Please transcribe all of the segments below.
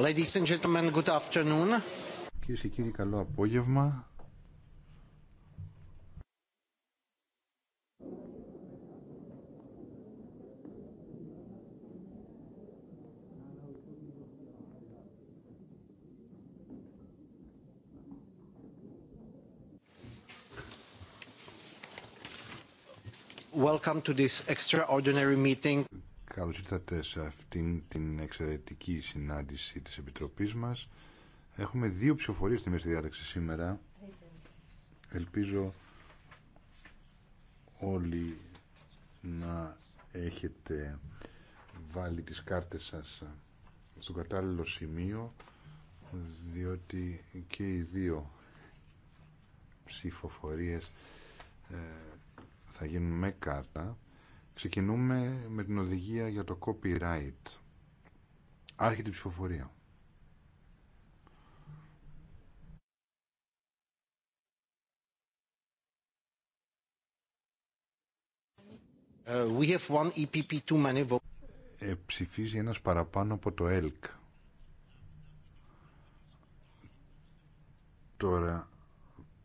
Ladies and gentlemen, good afternoon. Κυρίες και κύριοι, καλό απόγευμα. Welcome to this extraordinary meeting Καλώς ήρθατε σε αυτήν την εξαιρετική συνάντηση της Επιτροπής μας. Έχουμε δύο ψηφοφορίες στη μέση διάταξη σήμερα. Ελπίζω όλοι να έχετε βάλει τις κάρτες σας στο κατάλληλο σημείο διότι και οι δύο ψηφοφορίες ε, θα γίνουν με κάρτα Ξεκινούμε με την οδηγία για το copyright. Άρχεται η ψηφοφορία. Ε, we have one e ε, ψηφίζει ένας παραπάνω από το ΕΛΚ. Τώρα,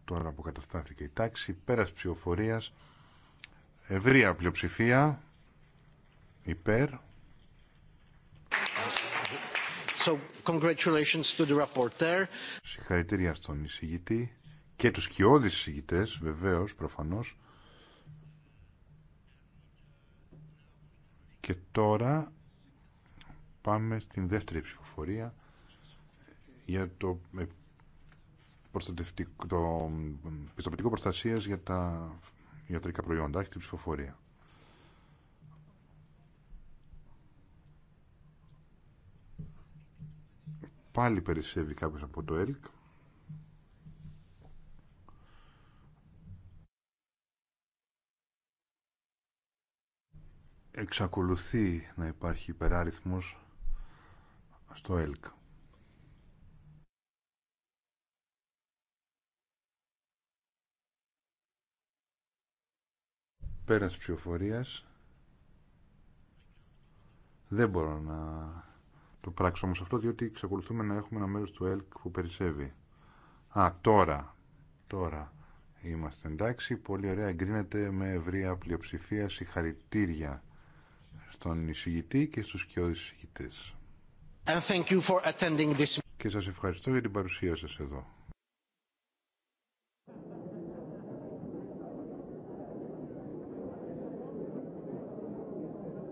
τώρα που καταστάθηκε η τάξη, πέρας ψηφοφορίας Ευρεία πλειοψηφία υπέρ. to the Συγχαρητήρια στον εισηγητή και τους κοιόδης εισηγητές, βεβαίως, προφανώς. Και τώρα πάμε στην δεύτερη ψηφοφορία για το, ε, το ε, πιστοποιητικό προστασίας για τα ιατρικά προϊόντα. Έχει την ψηφοφορία. Πάλι περισσεύει κάποιος από το ΕΛΚ. Εξακολουθεί να υπάρχει υπεράριθμος στο ΕΛΚ. Πέρας ψηφοφορίας. Δεν μπορώ να το πράξω όμως αυτό, διότι εξακολουθούμε να έχουμε ένα μέρος του ΕΛΚ που περισσεύει. Α, τώρα, τώρα είμαστε εντάξει. Πολύ ωραία, εγκρίνεται με ευρεία πλειοψηφία συγχαρητήρια στον εισηγητή και στους κοιόδης εισηγητές. And thank you for attending this... Και σας ευχαριστώ για την παρουσία σας εδώ.